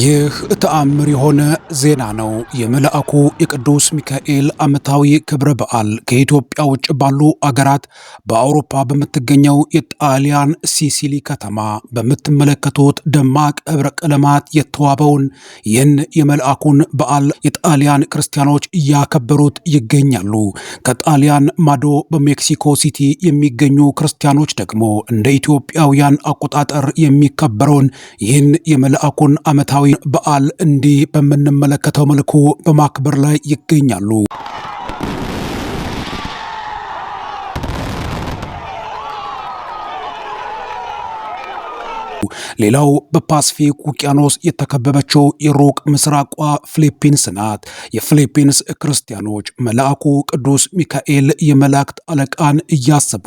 ይህ ተአምር የሆነ ዜና ነው። የመልአኩ የቅዱስ ሚካኤል ዓመታዊ ክብረ በዓል ከኢትዮጵያ ውጭ ባሉ አገራት በአውሮፓ በምትገኘው የጣሊያን ሲሲሊ ከተማ በምትመለከቱት ደማቅ ኅብረ ቀለማት የተዋበውን ይህን የመልአኩን በዓል የጣሊያን ክርስቲያኖች እያከበሩት ይገኛሉ። ከጣሊያን ማዶ በሜክሲኮ ሲቲ የሚገኙ ክርስቲያኖች ደግሞ እንደ ኢትዮጵያውያን አቆጣጠር የሚከበረውን ይህን የመልአኩን ዓመታዊ ዓመታዊ በዓል እንዲህ በምንመለከተው መልኩ በማክበር ላይ ይገኛሉ። ሌላው በፓስፊክ ውቅያኖስ የተከበበችው የሩቅ ምስራቋ ፊሊፒንስ ናት። የፊሊፒንስ ክርስቲያኖች መልአኩ ቅዱስ ሚካኤል የመላእክት አለቃን እያሰቡ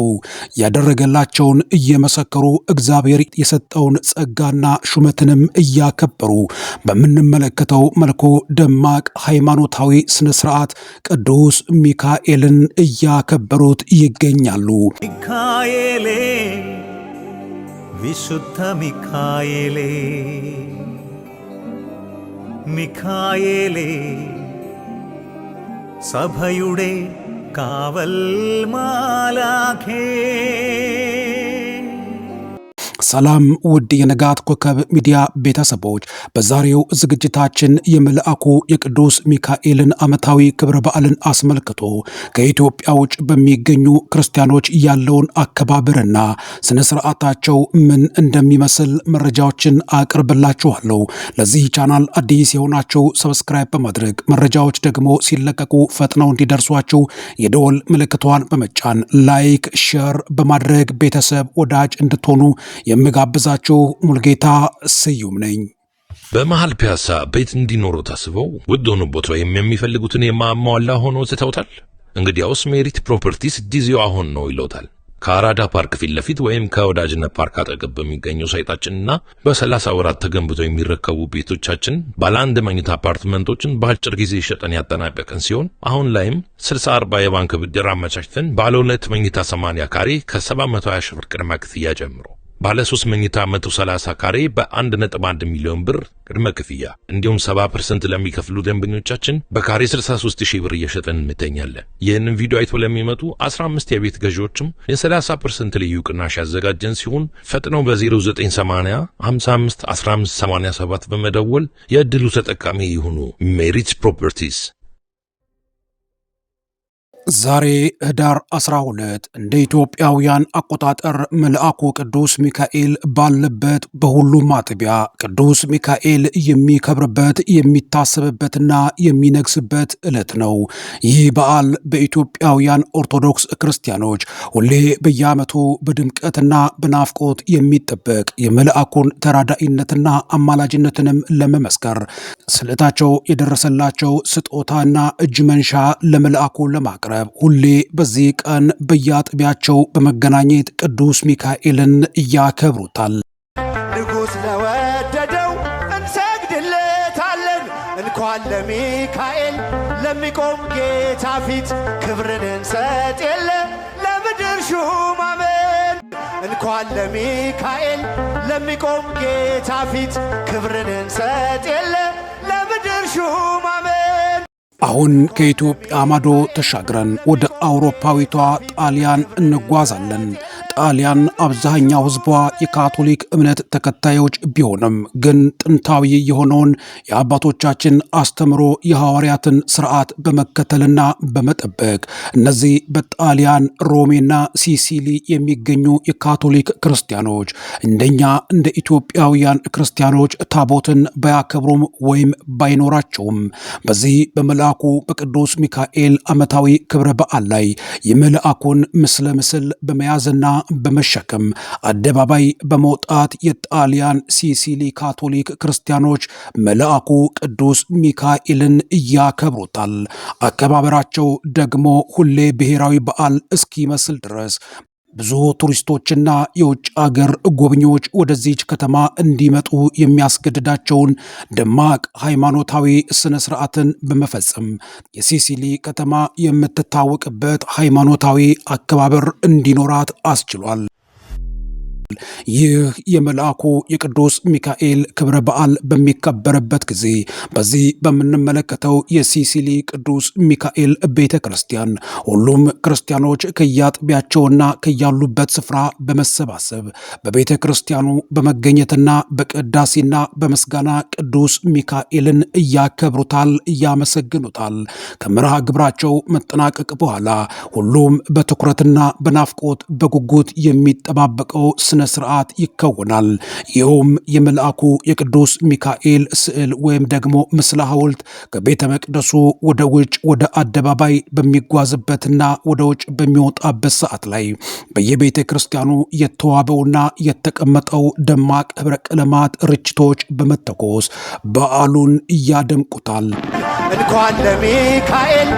ያደረገላቸውን እየመሰከሩ እግዚአብሔር የሰጠውን ጸጋና ሹመትንም እያከበሩ በምንመለከተው መልኩ ደማቅ ሃይማኖታዊ ስነ ስርዓት ቅዱስ ሚካኤልን እያከበሩት ይገኛሉ። ሚካኤሌ വിശുദ്ധ മിഖായേലേ മിഖായേലേ സഭയുടെ കാവൽ മാലാഖേ ሰላም ውድ የንጋት ኮከብ ሚዲያ ቤተሰቦች፣ በዛሬው ዝግጅታችን የመልአኩ የቅዱስ ሚካኤልን ዓመታዊ ክብረ በዓልን አስመልክቶ ከኢትዮጵያ ውጭ በሚገኙ ክርስቲያኖች ያለውን አከባበርና ስነ ስርዓታቸው ምን እንደሚመስል መረጃዎችን አቅርብላችኋለሁ። ለዚህ ቻናል አዲስ የሆናችሁ ሰብስክራይብ በማድረግ መረጃዎች ደግሞ ሲለቀቁ ፈጥነው እንዲደርሷችሁ የደወል ምልክቷን በመጫን ላይክ፣ ሼር በማድረግ ቤተሰብ ወዳጅ እንድትሆኑ የምጋብዛችሁ ሙልጌታ ስዩም ነኝ። በመሀል ፒያሳ ቤት እንዲኖሩ ታስበው ውድ ሆኖቦት ወይም የሚፈልጉትን የማሟላ ሆኖ ስተውታል? እንግዲያውስ ሜሪት ፕሮፐርቲስ ጊዜው አሁን ነው ይለውታል። ከአራዳ ፓርክ ፊት ለፊት ወይም ከወዳጅነት ፓርክ አጠገብ በሚገኘው ሳይጣችንና በሰላሳ ወራት ተገንብተው የሚረከቡ ቤቶቻችን ባለ አንድ መኝታ አፓርትመንቶችን በአጭር ጊዜ ሸጠን ያጠናቀቅን ሲሆን አሁን ላይም 64 የባንክ ብድር አመቻችተን ባለ ሁለት መኝታ 80 ካሬ ከ720 ሺህ ብር ቅድመ ክፍያ ጀምሮ ባለ 3 መኝታ 130 ካሬ በ1.1 ሚሊዮን ብር ቅድመ ክፍያ እንዲሁም 70% ለሚከፍሉ ደንበኞቻችን በካሬ 63000 ብር እየሸጠን እንተኛለን። ይህንን ቪዲዮ አይቶ ለሚመጡ 15 የቤት ገዢዎችም የ30% ልዩ ቅናሽ ያዘጋጀን ሲሆን ፈጥነው በ0980 55 1587 በመደወል የእድሉ ተጠቃሚ የሆኑ ሜሪት ፕሮፐርቲስ ዛሬ ህዳር 12 እንደ ኢትዮጵያውያን አቆጣጠር መልአኩ ቅዱስ ሚካኤል ባለበት በሁሉም አጥቢያ ቅዱስ ሚካኤል የሚከብርበት የሚታሰብበትና የሚነግስበት ዕለት ነው። ይህ በዓል በኢትዮጵያውያን ኦርቶዶክስ ክርስቲያኖች ሁሌ በየዓመቱ በድምቀትና በናፍቆት የሚጠበቅ የመልአኩን ተራዳኢነትና አማላጅነትንም ለመመስከር ስለታቸው የደረሰላቸው ስጦታና እጅ መንሻ ለመልአኩ ለማቅረብ ነበረ። ሁሌ በዚህ ቀን በየአጥቢያቸው በመገናኘት ቅዱስ ሚካኤልን እያከብሩታል። ንጉሥ ለወደደው እንሰግድለታለን። እንኳን ለሚካኤል ለሚቆም ጌታ ፊት ክብርን እንሰጥ የለ ለምድር ሹማምን እንኳን ለሚካኤል ለሚቆም ጌታ ፊት ክብርን እንሰጥ የለ ለምድር ሹማ አሁን ከኢትዮጵያ ማዶ ተሻግረን ወደ አውሮፓዊቷ ጣሊያን እንጓዛለን። ጣሊያን አብዛኛው ህዝቧ የካቶሊክ እምነት ተከታዮች ቢሆንም ግን ጥንታዊ የሆነውን የአባቶቻችን አስተምሮ የሐዋርያትን ስርዓት በመከተልና በመጠበቅ እነዚህ በጣሊያን ሮሜና ሲሲሊ የሚገኙ የካቶሊክ ክርስቲያኖች እንደኛ እንደ ኢትዮጵያውያን ክርስቲያኖች ታቦትን ባያከብሩም ወይም ባይኖራቸውም በዚህ በመልአኩ በቅዱስ ሚካኤል ዓመታዊ ክብረ በዓል ላይ የመልአኩን ምስለ ምስል በመያዝና በመሸከም አደባባይ በመውጣት የጣሊያን ሲሲሊ ካቶሊክ ክርስቲያኖች መልአኩ ቅዱስ ሚካኤልን ያከብሩታል። አከባበራቸው ደግሞ ሁሌ ብሔራዊ በዓል እስኪመስል ድረስ ብዙ ቱሪስቶችና የውጭ አገር ጎብኚዎች ወደዚች ከተማ እንዲመጡ የሚያስገድዳቸውን ደማቅ ሃይማኖታዊ ስነ ስርዓትን በመፈጸም የሲሲሊ ከተማ የምትታወቅበት ሃይማኖታዊ አከባበር እንዲኖራት አስችሏል። ይህ የመልአኩ የቅዱስ ሚካኤል ክብረ በዓል በሚከበርበት ጊዜ በዚህ በምንመለከተው የሲሲሊ ቅዱስ ሚካኤል ቤተ ክርስቲያን ሁሉም ክርስቲያኖች ከያጥቢያቸውና ከያሉበት ስፍራ በመሰባሰብ በቤተ ክርስቲያኑ በመገኘትና በቅዳሴና በምስጋና ቅዱስ ሚካኤልን እያከብሩታል፣ እያመሰግኑታል። ከመርሃ ግብራቸው መጠናቀቅ በኋላ ሁሉም በትኩረትና በናፍቆት በጉጉት የሚጠባበቀው ስነ ስርዓት ይከወናል። ይኸውም የመልአኩ የቅዱስ ሚካኤል ስዕል ወይም ደግሞ ምስለ ሐውልት ከቤተ መቅደሱ ወደ ውጭ ወደ አደባባይ በሚጓዝበትና ወደ ውጭ በሚወጣበት ሰዓት ላይ በየቤተ ክርስቲያኑ የተዋበውና የተቀመጠው ደማቅ ህብረ ቀለማት ርችቶች በመተኮስ በዓሉን ያደምቁታል። እንኳን ለሚካኤል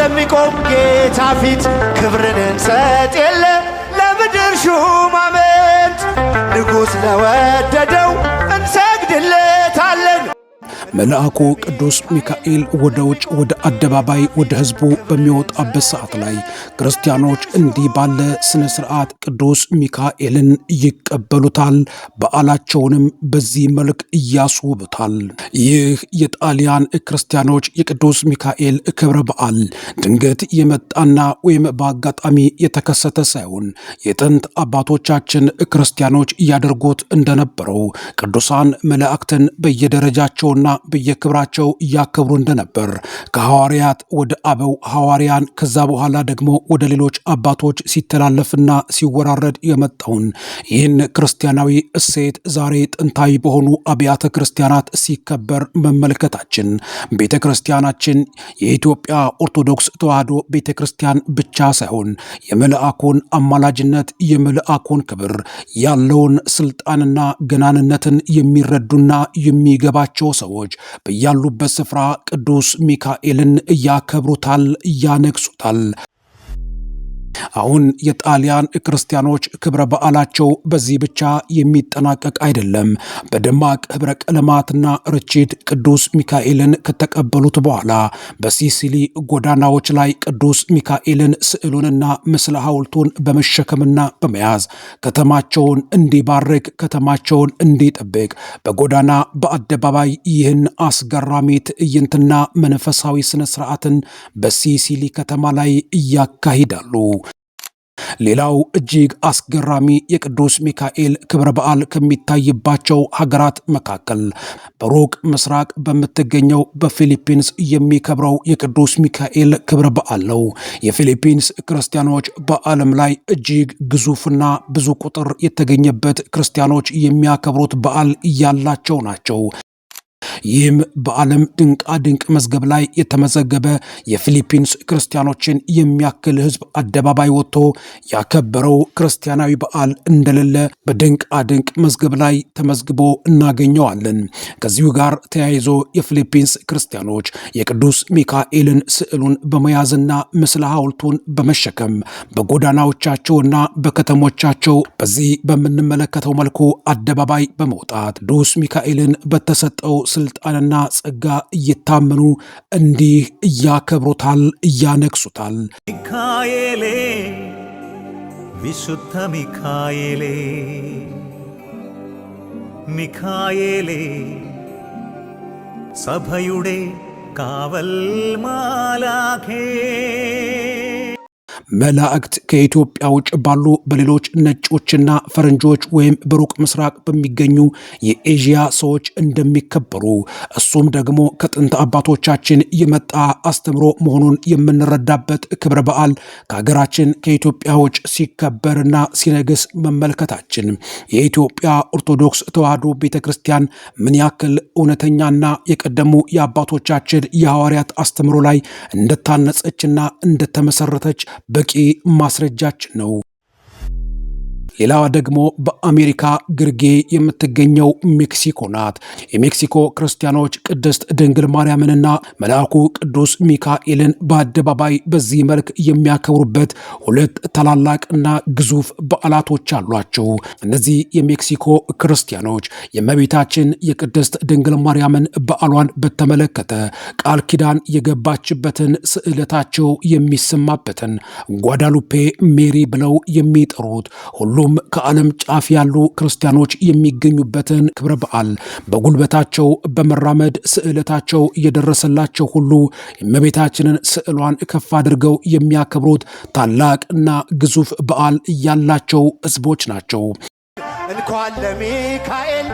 ለሚቆም ጌታ ፊት ክብርን እንሰጥ የለ ለምድር ሹማመ ንጉሥ ለወደደው እንሰግድልን መልአኩ ቅዱስ ሚካኤል ወደ ውጭ ወደ አደባባይ ወደ ህዝቡ በሚወጣበት ሰዓት ላይ ክርስቲያኖች እንዲህ ባለ ሥነ ሥርዓት ቅዱስ ሚካኤልን ይቀበሉታል። በዓላቸውንም በዚህ መልክ እያስውቡታል። ይህ የጣሊያን ክርስቲያኖች የቅዱስ ሚካኤል ክብረ በዓል ድንገት የመጣና ወይም በአጋጣሚ የተከሰተ ሳይሆን የጥንት አባቶቻችን ክርስቲያኖች እያደርጉት እንደነበረው ቅዱሳን መላእክትን በየደረጃቸውና በየክብራቸው እያከብሩ እንደነበር ከሐዋርያት ወደ አበው ሐዋርያን ከዛ በኋላ ደግሞ ወደ ሌሎች አባቶች ሲተላለፍና ሲወራረድ የመጣውን ይህን ክርስቲያናዊ እሴት ዛሬ ጥንታዊ በሆኑ አብያተ ክርስቲያናት ሲከበር መመልከታችን ቤተ ክርስቲያናችን የኢትዮጵያ ኦርቶዶክስ ተዋሕዶ ቤተ ክርስቲያን ብቻ ሳይሆን የመልአኩን አማላጅነት የመልአኩን ክብር ያለውን ስልጣንና ገናንነትን የሚረዱና የሚገባቸው ሰዎች ክርስቲያኖች በያሉበት ስፍራ ቅዱስ ሚካኤልን እያከብሩታል፣ እያነግሱታል። አሁን የጣሊያን ክርስቲያኖች ክብረ በዓላቸው በዚህ ብቻ የሚጠናቀቅ አይደለም። በደማቅ ህብረ ቀለማትና ርችት ቅዱስ ሚካኤልን ከተቀበሉት በኋላ በሲሲሊ ጎዳናዎች ላይ ቅዱስ ሚካኤልን ስዕሉንና ምስለ ሐውልቱን በመሸከምና በመያዝ ከተማቸውን እንዲባርክ ከተማቸውን እንዲጠብቅ በጎዳና በአደባባይ ይህን አስገራሚ ትዕይንትና መንፈሳዊ ሥነ በሲሲሊ ከተማ ላይ እያካሂዳሉ። ሌላው እጅግ አስገራሚ የቅዱስ ሚካኤል ክብረ በዓል ከሚታይባቸው ሀገራት መካከል በሩቅ ምስራቅ በምትገኘው በፊሊፒንስ የሚከብረው የቅዱስ ሚካኤል ክብረ በዓል ነው። የፊሊፒንስ ክርስቲያኖች በዓለም ላይ እጅግ ግዙፍና ብዙ ቁጥር የተገኘበት ክርስቲያኖች የሚያከብሩት በዓል እያላቸው ናቸው። ይህም በዓለም ድንቃ ድንቅ መዝገብ ላይ የተመዘገበ የፊሊፒንስ ክርስቲያኖችን የሚያክል ህዝብ አደባባይ ወጥቶ ያከበረው ክርስቲያናዊ በዓል እንደሌለ በድንቃ ድንቅ መዝገብ ላይ ተመዝግቦ እናገኘዋለን። ከዚሁ ጋር ተያይዞ የፊሊፒንስ ክርስቲያኖች የቅዱስ ሚካኤልን ስዕሉን በመያዝና ምስለ ሐውልቱን በመሸከም በጎዳናዎቻቸውና በከተሞቻቸው በዚህ በምንመለከተው መልኩ አደባባይ በመውጣት ቅዱስ ሚካኤልን በተሰጠው ስልጣንና ጸጋ እየታመኑ እንዲህ እያከብሩታል፣ እያነግሱታል። ሚካኤሌ ቪሱተ ሚካኤሌ ሚካኤሌ സഭയുടെ കാവൽ മാലാഖേ መላእክት ከኢትዮጵያ ውጭ ባሉ በሌሎች ነጮችና ፈረንጆች ወይም በሩቅ ምስራቅ በሚገኙ የኤዥያ ሰዎች እንደሚከበሩ እሱም ደግሞ ከጥንት አባቶቻችን የመጣ አስተምሮ መሆኑን የምንረዳበት ክብረ በዓል ከሀገራችን ከኢትዮጵያ ውጭ ሲከበርና ሲነግስ መመልከታችን የኢትዮጵያ ኦርቶዶክስ ተዋህዶ ቤተ ክርስቲያን ምን ያክል እውነተኛና የቀደሙ የአባቶቻችን የሐዋርያት አስተምሮ ላይ እንደታነጸችና እንደተመሰረተች በቂ ማስረጃችን ነው ሌላዋ ደግሞ በአሜሪካ ግርጌ የምትገኘው ሜክሲኮ ናት። የሜክሲኮ ክርስቲያኖች ቅድስት ድንግል ማርያምንና መልአኩ ቅዱስ ሚካኤልን በአደባባይ በዚህ መልክ የሚያከብሩበት ሁለት ታላላቅና ግዙፍ በዓላቶች አሏቸው። እነዚህ የሜክሲኮ ክርስቲያኖች የእመቤታችን የቅድስት ድንግል ማርያምን በዓሏን በተመለከተ ቃል ኪዳን የገባችበትን ስዕለታቸው የሚሰማበትን ጓዳሉፔ ሜሪ ብለው የሚጠሩት ሁሉ እንዲሁም ከዓለም ጫፍ ያሉ ክርስቲያኖች የሚገኙበትን ክብረ በዓል በጉልበታቸው በመራመድ ስዕለታቸው እየደረሰላቸው ሁሉ የእመቤታችንን ስዕሏን ከፍ አድርገው የሚያከብሩት ታላቅ እና ግዙፍ በዓል ያላቸው ህዝቦች ናቸው። እንኳን ለሚካኤል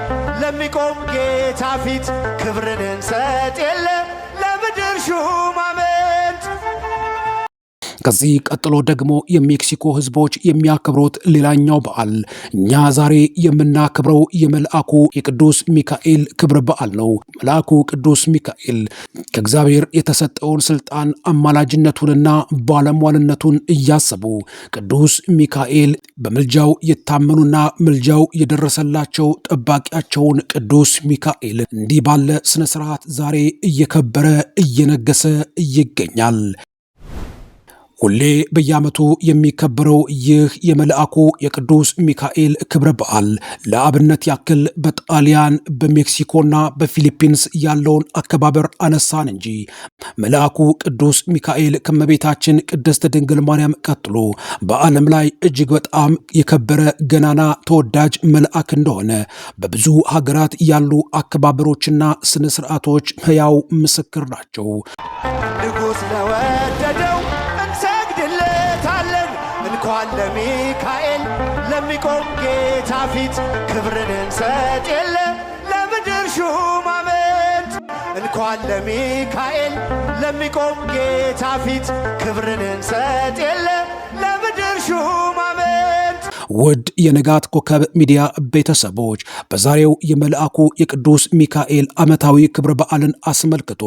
ለሚቆም ጌታ ፊት ክብርን እንሰጥ የለ ለምድር ሹማ ከዚህ ቀጥሎ ደግሞ የሜክሲኮ ህዝቦች የሚያከብሩት ሌላኛው በዓል እኛ ዛሬ የምናከብረው የመልአኩ የቅዱስ ሚካኤል ክብረ በዓል ነው። መልአኩ ቅዱስ ሚካኤል ከእግዚአብሔር የተሰጠውን ስልጣን አማላጅነቱንና ባለሟልነቱን እያሰቡ ቅዱስ ሚካኤል በምልጃው የታመኑና ምልጃው የደረሰላቸው ጠባቂያቸውን ቅዱስ ሚካኤል እንዲህ ባለ ስነ ስርዓት ዛሬ እየከበረ እየነገሰ ይገኛል። ሁሌ በየዓመቱ የሚከበረው ይህ የመልአኩ የቅዱስ ሚካኤል ክብረ በዓል ለአብነት ያክል በጣሊያን በሜክሲኮና በፊሊፒንስ ያለውን አከባበር አነሳን እንጂ መልአኩ ቅዱስ ሚካኤል ከመቤታችን ቅድስት ድንግል ማርያም ቀጥሎ በዓለም ላይ እጅግ በጣም የከበረ ገናና ተወዳጅ መልአክ እንደሆነ በብዙ ሀገራት ያሉ አከባበሮችና ስነ ስርዓቶች ሕያው ምስክር ናቸው። ንጉሥ ለወደደው እንኳን ለሚካኤል ለሚቆም ጌታ ፊት ክብርን እንሰጥ የለ ለምድር ሹማምንት እንኳን ለሚካኤል ለሚቆም ጌታ ፊት ክብርን እንሰጥ የለ ለምድር ሹማምንት ውድ የንጋት ኮከብ ሚዲያ ቤተሰቦች በዛሬው የመልአኩ የቅዱስ ሚካኤል ዓመታዊ ክብረ በዓልን አስመልክቶ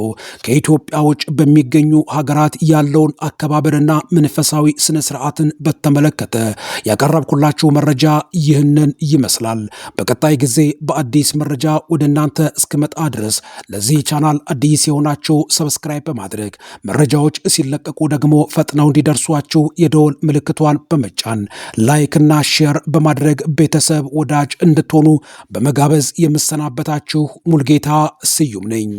ከኢትዮጵያ ውጭ በሚገኙ ሀገራት ያለውን አከባበርና መንፈሳዊ ስነ ስርዓትን በተመለከተ ያቀረብኩላችሁ መረጃ ይህንን ይመስላል። በቀጣይ ጊዜ በአዲስ መረጃ ወደ እናንተ እስክመጣ ድረስ ለዚህ ቻናል አዲስ የሆናችሁ ሰብስክራይብ በማድረግ መረጃዎች ሲለቀቁ ደግሞ ፈጥነው እንዲደርሷችሁ የደወል ምልክቷን በመጫን ላይክና ሼር በማድረግ ቤተሰብ ወዳጅ እንድትሆኑ በመጋበዝ የምሰናበታችሁ ሙልጌታ ስዩም ነኝ።